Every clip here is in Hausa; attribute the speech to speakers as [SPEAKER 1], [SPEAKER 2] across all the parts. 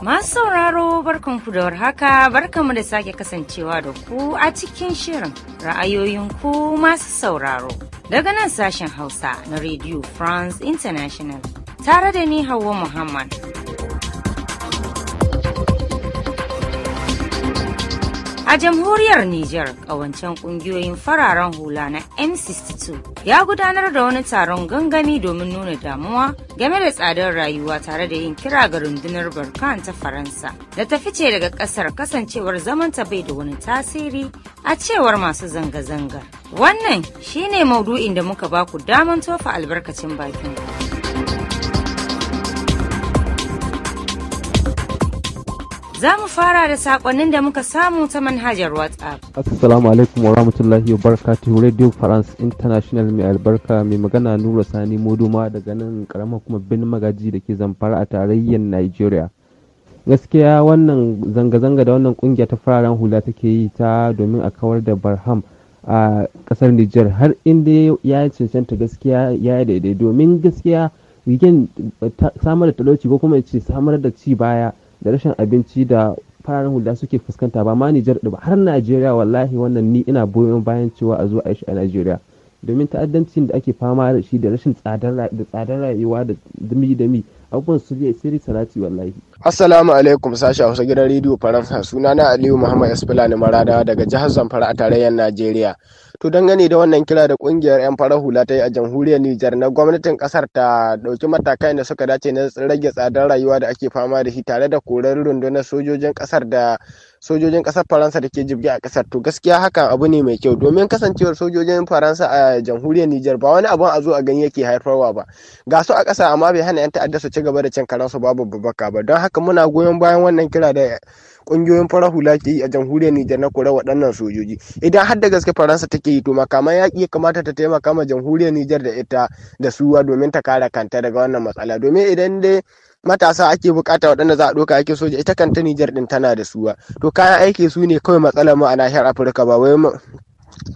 [SPEAKER 1] Masu sauraro barkanku da warhaka barkanmu da sake kasancewa da ku a cikin shirin ra'ayoyin ku masu sauraro daga nan sashen Hausa na Radio France International tare da ni Hauwa Muhammad. A jamhuriyar Nijar, ƙawancen ƙungiyoyin fararen hula na M62 ya gudanar da wani taron gangami domin nuna damuwa game da tsadar rayuwa tare da yin kira ga rundunar Barkan ta Faransa da ta fice daga ƙasar kasancewar zamanta bai da wani tasiri a cewar masu zanga zanga Wannan shine maudu'in da muka baku damar tofa albarkacin bakin ku. Za mu fara da sakonnin da muka samu ta manhajar WhatsApp.
[SPEAKER 2] Assalamu
[SPEAKER 3] alaikum wa rahmatullahi wa barakatuhu Radio France International mai albarka mai magana Nura Sani Moduma daga nan karamar kuma bin magaji da ke zamfara a tarayyar Nigeria. Gaskiya wannan zanga-zanga da wannan kungiya ta fararen hula take yi ta domin a kawar da Barham a kasar niger har inda ya yi cancanta gaskiya ya yi daidai domin gaskiya rigen samar da talauci ko kuma ce samar da ci baya da rashin abinci da fararen hula suke fuskanta ba ma Nijar ba har Najeriya wallahi wannan ni ina boyon bayan cewa a zo a shi a Najeriya domin ta'addancin da ake fama da shi da rashin tsadar tsadar rayuwa da dumi dumi abubuwan su bai sirri salati wallahi
[SPEAKER 4] Assalamu alaikum sashi a wasu gidan rediyo Faransa suna na Aliyu Muhammad Esfilani Marada daga jihar Zamfara a tarayyar Najeriya To dangane da wannan kira da kungiyar 'yan farar hula ta yi a jamhuriyar Nijar na gwamnatin kasar ta dauki matakan da suka dace na rage tsadar rayuwa da ake fama da shi tare da korar rundunar sojojin kasar da sojojin kasar Faransa da ke jibge a kasar to gaskiya hakan abu ne mai kyau domin kasancewar sojojin Faransa a jamhuriyar Nijar ba wani abun a zo a gani yake haifarwa ba ga su a kasa amma bai hana 'yan ta'adda su ci gaba da cin karansu babu babbaka ba don haka muna goyon bayan wannan kira da kungiyoyin farar hula ke yi a jamhuriyar Nijar na kore waɗannan sojoji idan har da gaske Faransa take yi to makaman yaƙi ya kamata ta taimaka ma jamhuriyar Nijar da ita da suwa domin ta kare kanta daga wannan matsala domin idan dai matasa ake bukata waɗanda za a ɗauka ake soja ita kanta Nijar din tana da suwa to kayan aiki su ne kawai matsalar mu a nahiyar Afirka ba wai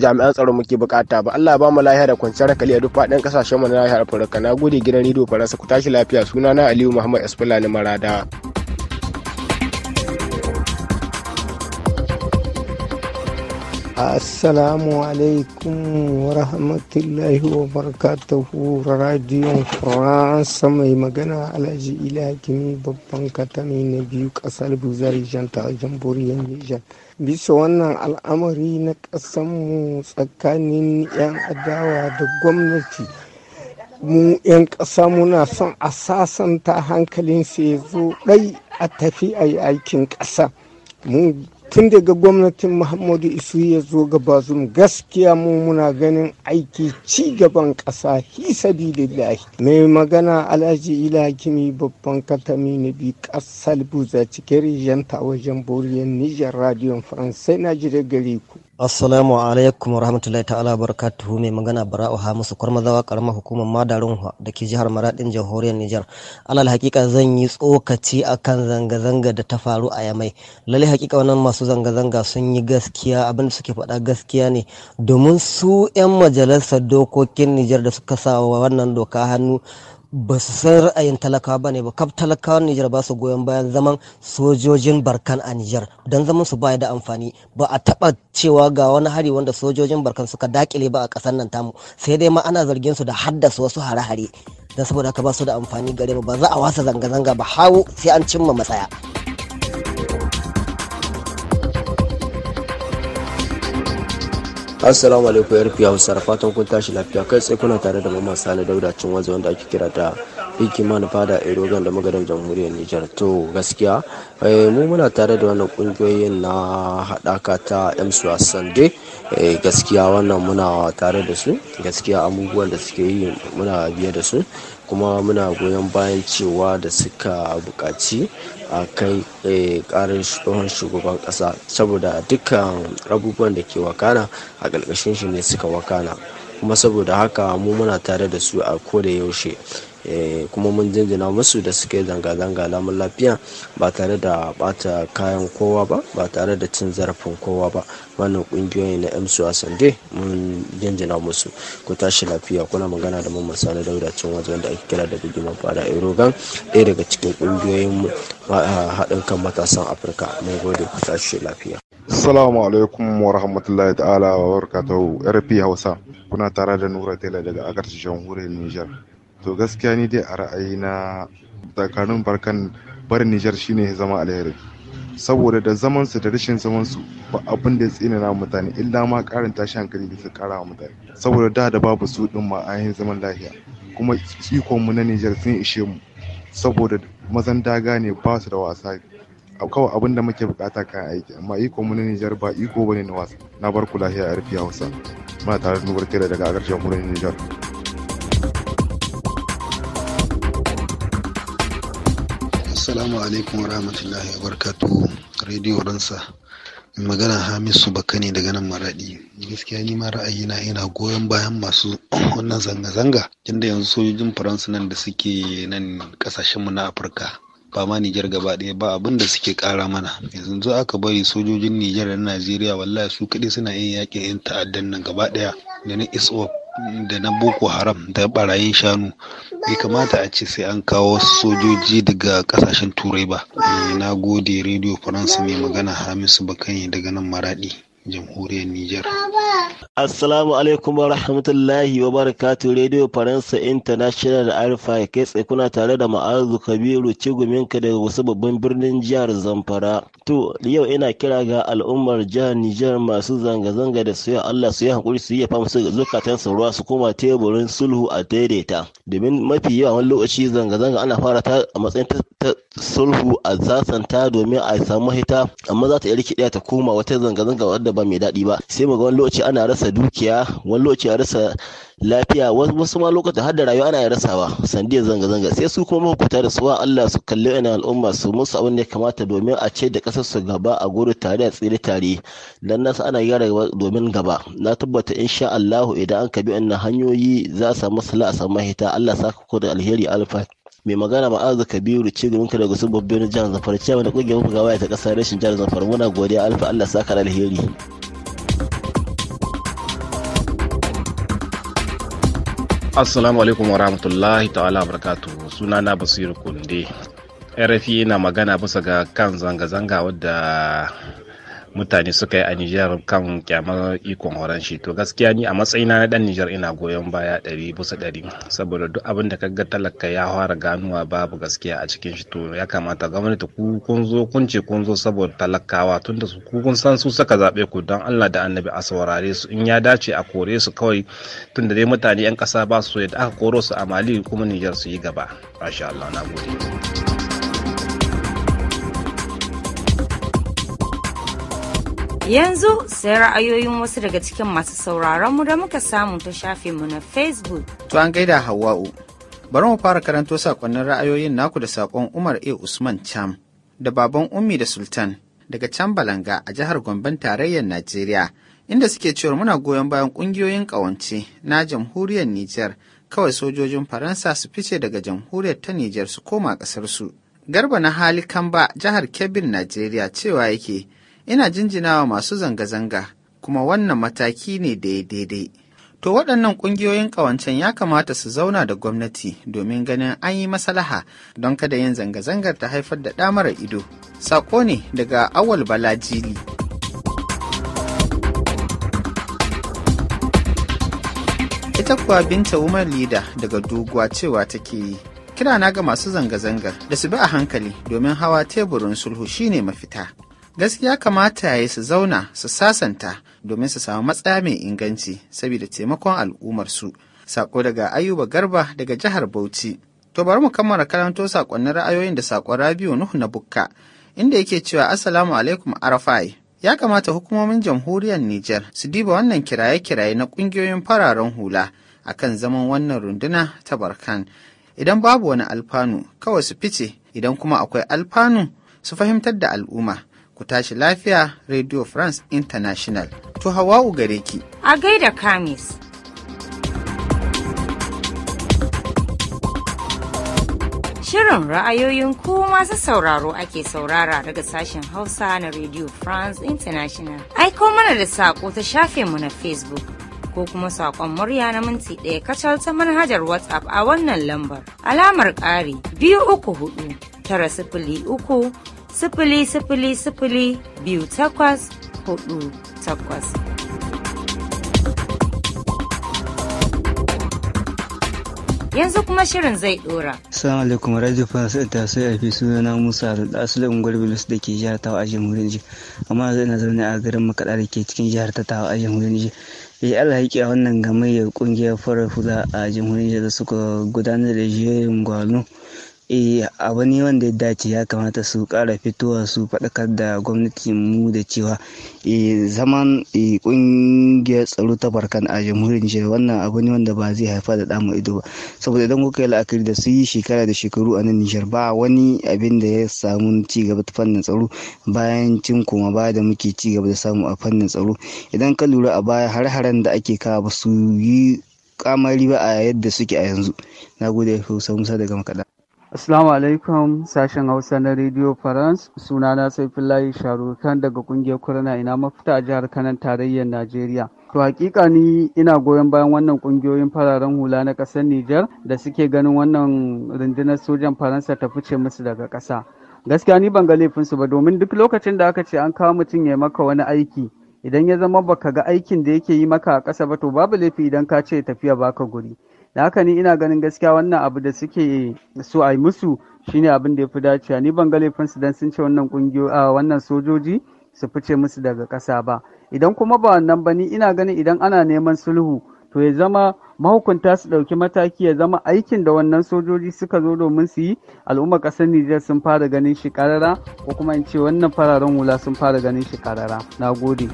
[SPEAKER 4] jami'an tsaro muke bukata ba Allah ba mu lahiya da kwanciyar hankali a duk faɗin kasashen mu na nahiyar Afirka na gode gidan rediyo Faransa ku tashi lafiya sunana Aliyu Muhammad Esfulani Marada. Assalamu alaikum wa rahmatullahi wa barakatuhu radiyon Faransa mai magana Alhaji Ilhakimi babban katami na biyu kasar Buzari ta jamhuriyar Nijar. Bisa wannan al'amari na ƙasanmu tsakanin 'yan adawa da gwamnati. mu 'yan ƙasa muna son a sasanta hankalin ya zo ɗai a tafi a yi aikin ƙasa. tun daga gwamnatin muhammadu isu ya zo ga bazum gaskiya mu muna ganin aiki ci gaban ƙasa hisabi lillahi mai magana alhaji ila hakimi babban katami na bi ƙasar buza cikin rijiyanta wajen boriyar nijar radiyon faransai na gari ku Assalamu
[SPEAKER 2] alaikum warahmatullahi ta'ala barakatuhu mai magana Bara'u Hamisu Kwarmazawa karamar hukumar Madarin da ke jihar Maradin jamhuriyar Nijar. Alal hakika zan yi tsokaci akan zanga-zanga da ta faru a Yamai. Lalle hakika wannan masu zanga-zanga sun yi gaskiya abin da suke faɗa gaskiya ne domin su 'yan majalisar dokokin Nijar da suka sa wannan doka hannu ba su san ra'ayin talakawa ba ne ba kaf talakawan Nijar ba su goyon bayan zaman sojojin Barkan a Nijar don zaman su baya da amfani ba a taba cewa ga wani hari wanda sojojin Barkan suka dakile ba a kasar nan tamu sai dai ma ana zargin su da haddasa wasu hare-hare don saboda haka ba su da amfani gare mu ba za a wasa zanga-zanga ba hawo sai an cimma matsaya. assalamu alaikum yar fiya hausar fatan kun tashi lafiya kai tsaye kuna tare da mamman sani dauda cin wazo wanda ake kira da hikima na fada erogan da magadan jamhuriyar nijar to gaskiya eh, mu muna tare da wannan kungiyoyin na haɗaka ta ms wasan dai eh, gaskiya wannan muna tare da su gaskiya abubuwan da suke yi muna biye da su kuma muna goyon bayan cewa da suka bukaci a kai karin eh, tsohon shugaban kasa saboda dukkan abubuwan da ke wakana a ƙarƙashin shi ne suka wakana kuma saboda haka mu muna tare da su a koda yaushe Eh, kuma mun jinjina musu da suke zanga-zanga lamun lafiya ba tare da bata kayan kowa ba ba tare da cin zarafin kowa ba wannan kungiyoyi na emsu a sande mun jinjina musu ku tashi lafiya kuna magana da mamman sani dauda
[SPEAKER 4] cin wajen da ake kira da bigiman fada erogan daya daga cikin kungiyoyin haɗin kan matasan afirka mun gode ku tashi lafiya Salamu alaikum wa rahmatullahi ta'ala wa barakatuhu RP Hausa kuna tare da Nura Tela daga agarci jamhuriyar niger. to gaskiya ni dai a ra'ayi na. tsakanin barkan barin nijar shine zama alheri saboda da zaman su da rashin zaman su ba abin da ya tsinana mutane illa ma karin tashi hankali da su kara wa mutane saboda da da babu su din ma ayin zaman lafiya kuma ikon mu na Nijar sun ishe mu saboda mazan daga ne ba su da wasa kawai abin da muke bukata kan aiki amma iko mu na Nijar ba iko bane na wasa na bar ku lafiya a rufiya Hausa muna tare da nubar daga agarshon mu na Nijar
[SPEAKER 2] Assalamu alaikum wa rahmatullahi wa barakatuhu Radio Ransa. Magana Hamisu ne daga nan maraɗi Gaskiya ni ma ra'ayina ina goyon bayan masu wannan zanga-zanga. Tunda yanzu sojojin Faransa nan da suke nan kasashenmu na Afirka. Ba ma Nijar gaba ɗaya ba abin da suke ƙara mana. Yanzu aka bari sojojin Nijar da Najeriya wallahi su kaɗai suna yin yaƙin 'yan ta'addan nan gaba ɗaya da na ISOP da na boko haram da barayin shanu bai kamata a ce sai an kawo sojoji daga kasashen turai ba eh, na gode rediyo faransa mai magana hamisu bakanyi daga nan maradi jamhuriyar niger Assalamu alaikum wa rahmatullahi wa barakatu Radio Faransa International da Arfa kai tsaye kuna tare da ma'azu Kabiru Ciguminka daga wasu babban birnin jihar Zamfara. To yau ina kira ga al'ummar jihar Nijar masu zanga-zanga da suya Allah su yi hakuri su yi fama su zukatan su ruwa su koma teburin sulhu a daidaita. Domin mafi yawa wani lokaci zanga-zanga ana fara ta a matsayin ta sulhu a sasanta domin a samu hita amma za ta iya rikida ta koma wata zanga-zanga wadda ba mai daɗi ba. Sai mu ga wani lokaci ana rasa dukiya, wani lokaci a rasa lafiya wasu ma lokacin har da rayuwa ana rasawa sandiyar zanga-zanga sai su kuma mahukunta da suwa Allah su kalli ina al'umma su musu abin da ya kamata domin a ce da kasar su gaba a gudu tare a tsiri tare dan nasu ana gyara domin gaba na tabbata insha Allah idan an kabi wannan hanyoyi za a samu sala a samu mahita Allah sa ku da alheri alfa mai magana ma ma'azu kabiru ci gaban daga sun babban jihar zafar cewa da kungiyar gaba ta kasar rashin jihar zafar muna godiya alfa Allah ka da alheri assalamu alaikum wa rahmatullahi ta'ala barakatu suna na basiru kunde rfi e na magana bisa ga kan zanga-zanga wadda mutane suka yi a Nijar kan kyamar ikon horon shi to gaskiya ni a matsayina na dan Nijar ina goyon baya ɗari bisa ɗari saboda duk abin da kaga talaka ya fara ganuwa babu gaskiya a cikin shi to ya kamata gwamnati ku kun zo kun ce kun zo saboda talakawa tunda su ku kun san su saka zaɓe ku don Allah da Annabi a saurare su in ya dace a kore su kawai tunda dai mutane 'yan ƙasa ba su yadda aka koro su a Mali kuma Nijar su yi gaba. Masha Allah
[SPEAKER 4] na gode.
[SPEAKER 1] Yanzu sai ra'ayoyin wasu daga cikin masu sauraron mu da muka samu ta mu na Facebook.
[SPEAKER 5] To an gaida Hawwa'u. Bari mu fara karanto sakonnin ra'ayoyin naku da sakon Umar A. Usman Cham da baban Ummi da Sultan daga Cham Balanga a jihar Gomben tarayyar Najeriya. Inda suke cewa muna goyon bayan kungiyoyin kawance na jamhuriyar Nijar kawai sojojin Faransa su fice daga jamhuriyar ta Nijar su koma ƙasarsu. Garba na hali Kamba jihar Kebbin Najeriya cewa yake ina jinjinawa masu zanga-zanga kuma wannan mataki ne da ya daidai. To waɗannan ƙungiyoyin ƙawancen ya kamata su zauna da gwamnati domin ganin an yi masalaha don kada yin zanga-zangar ta haifar da ɗamara ido. Saƙo ne daga awal balajili. Ita kuwa binta Umar Lida daga doguwa cewa take yi. Kirana ga masu zanga-zangar da su bi a hankali domin hawa teburin sulhu shine mafita. gaskiya kamata ya yi su zauna su sasanta domin su samu matsaya mai inganci saboda taimakon al'ummarsu sako daga ayuba garba daga jihar bauchi to bari mu kammala karanto sakonnin ra'ayoyin da sakon rabiu nuhu na bukka inda yake cewa assalamu alaikum arafai ya kamata hukumomin jamhuriyar Nijar su diba wannan kiraye-kiraye na kungiyoyin fararen hula a kan zaman wannan runduna ta barkan idan babu wani alfanu kawai su fice idan kuma akwai alfanu su fahimtar da al'umma ku tashi lafiya Radio France International. To Hawa'u gare ki.
[SPEAKER 1] A gaida Kamis. Shirin ra'ayoyin ku masu sauraro ake saurara daga sashen Hausa na Radio France International. Aiko mana da saƙo ta shafe mu na Facebook ko kuma saƙon murya na minti ɗaya kacal ta manhajar WhatsApp a wannan lambar. Alamar ƙari biyu uku hudu tara sifili uku sifili sifili sifili biyu takwas hudu takwas. yanzu kuma shirin zai dora.
[SPEAKER 2] Assalamu alaikum Radio France ta sai a fi na Musa da Ungwar Bilis da ke jihar Tawa a jamhuriyar Nijar. Amma zai na zaune a garin Makaɗa da ke cikin jihar ta Tawa a jamhuriyar Nijar. Eh, ya alhaƙi a wannan gamayyar ƙungiyar farar hula a jamhuriyar da suka gudanar da jerin gwano eh abu wanda ya dace ya kamata su kara fitowa su faɗakar da gwamnati mu da cewa eh, zaman eh, ƙungiyar tsaro ta barkan a jamhuriyar nijar wannan abu ne wanda ba zai haifa da damu ido ba saboda idan kuka yi la'akari da su yi shekara da shekaru a nan nijar ba wani abin da ya samu ci gaba ta fannin tsaro bayan cin koma ba da muke ci gaba da samu a fannin tsaro idan ka lura a baya har-haren da ake kawo ba su yi kamari ba a yadda suke a yanzu na
[SPEAKER 6] gode samu musa daga makaɗa Assalamu alaikum sashen Hausa na Radio France sunana Saifullahi Sharukan daga kungiyar Kurna ina mafita a jihar Kanan tarayyar Najeriya. To hakika ni ina goyon bayan wannan kungiyoyin fararen hula na ƙasar Nijar da suke ganin wannan rundunar sojan Faransa ta fice musu daga ƙasa. Gaskiya ni ban ga laifinsu ba domin duk lokacin da aka ce an kawo mutum ya maka wani aiki idan ya zama baka ga aikin da yake yi maka a ƙasa ba to babu laifi idan ka ce tafiya baka guri. da haka ni ina ganin gaskiya wannan abu da suke so a yi musu shine abin da ya fi dacewa ni ban ga su dan sun ce wannan kungiyo a wannan sojoji su fice musu daga ƙasa ba idan kuma ba wannan ba ni ina ganin idan ana neman sulhu to ya zama mahukunta su ɗauki mataki ya zama aikin da wannan sojoji suka zo domin su yi al'ummar ƙasar Nijar sun fara ganin shi karara ko kuma in ce wannan fararen hula sun fara ganin shi karara na gode.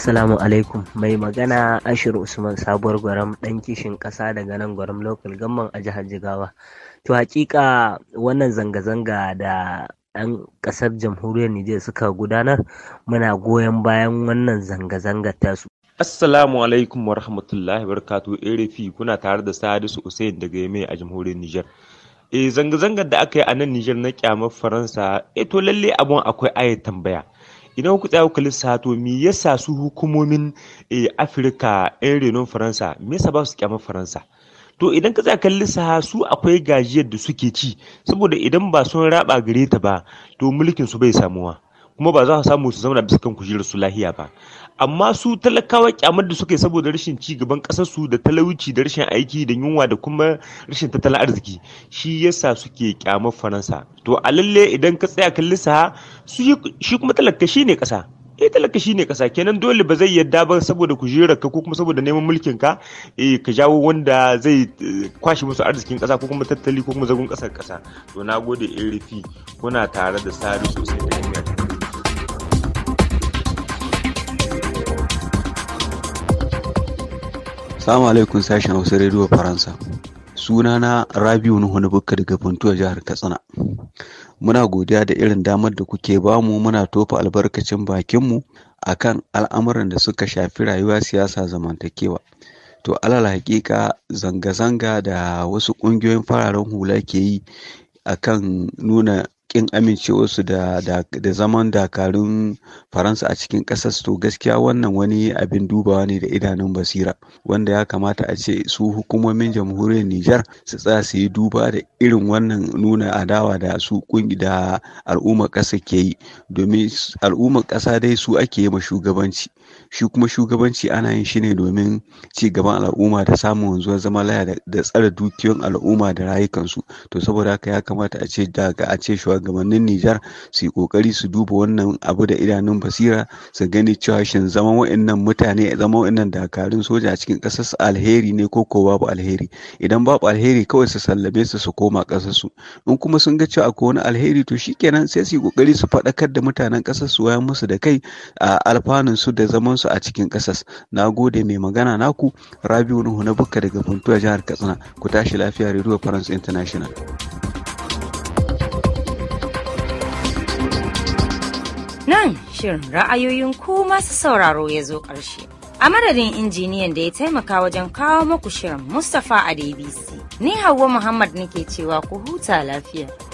[SPEAKER 4] Assalamu alaikum mai magana Ashir Usman sabuwar gwaram ɗan kishin ƙasa daga nan gwaram local gamman a jihar Jigawa. To hakika wannan zanga-zanga da ɗan ƙasar jamhuriyar Nijar suka gudanar muna goyon bayan wannan zanga-zangar tasu.
[SPEAKER 3] Assalamu alaikum wa rahmatullahi barkatu Erefi kuna tare da Sadisu usain daga Yeme a jamhuriyar Nijar. E zanga-zangar da aka yi a nan Nijar na kyamar Faransa, e to lalle abun akwai ayat tambaya. idan ku tsaya ku to me yasa su hukumomin eh, afirka yan renon faransa me yasa ba su kyamar faransa to idan ka tsaya ka lissaha su akwai gajiyar da suke ci saboda idan ba sun raba gare ta ba to mulkin su bai samuwa kuma ba za a samu su zauna bisa kan kujerar su lahiya ba amma su talakawa kyamar da suka saboda rashin ci gaban kasar su da talauci da rashin aiki da yunwa da kuma rashin tattalin arziki shi yasa suke kyamar faransa to a lalle idan ka tsaya kallon sa shi kuma talaka ne kasa eh talaka ne kasa kenan dole ba zai yadda ba saboda kujerar ka ko kuma saboda neman mulkin ka eh ka jawo wanda zai eh, kwashi musu arzikin kasa ko kuma tattali ko kuma zagon kasar kasa to nagode erifi kuna tare da sari sosai
[SPEAKER 7] Salamu alaikum sashen Hausa Radio Faransa. Suna na Rabiu Nuhu na Bukka daga Funtuwa jihar Katsina. Muna godiya da irin damar da kuke bamu muna tofa albarkacin bakinmu akan al'amuran da suka shafi rayuwa siyasa zamantakewa. To alal hakika zanga-zanga da wasu ƙungiyoyin fararen hula ke yi akan nuna kin amincewarsu da, da, da zaman dakarun faransa a cikin ƙasar to gaskiya wannan wani abin dubawa ne da idanun basira wanda ya kamata a ce su hukumomin jamhuriyar nijar su tsaya su yi duba da irin wannan nuna adawa da su kungi da al'ummar ƙasa ke yi domin al'ummar ƙasa dai su ake yi ma shugabanci shi kuma shugabanci ana yin shi ne domin ci gaban al'umma da samun wanzuwar zama laya da tsara dukiyoyin al'umma da rayukansu to saboda haka ya kamata a ce daga a ce shugabannin Nijar su yi kokari su duba wannan abu da idanun basira su gani cewa shin zama wa'annan mutane zama wa'annan dakarun soja a cikin ƙasar su alheri ne ko ko babu alheri idan babu alheri kawai su sallame su su koma ƙasar su in kuma sun ga cewa akwai wani alheri to shikenan sai su yi kokari su faɗakar da mutanen ƙasar su wayan musu da kai a alfanun su da zaman su a cikin ƙasar na gode mai magana naku Rabiu Nuhu na Bukka daga Funtuwa jihar Katsina ku tashi lafiya Radio France International.
[SPEAKER 1] nan shirin ra'ayoyin ku masu sauraro ya zo ƙarshe. A madadin injiniyan da ya taimaka wajen kawo muku shirin Mustapha a DBC, ni Hauwa Muhammad nake cewa ku huta lafiya.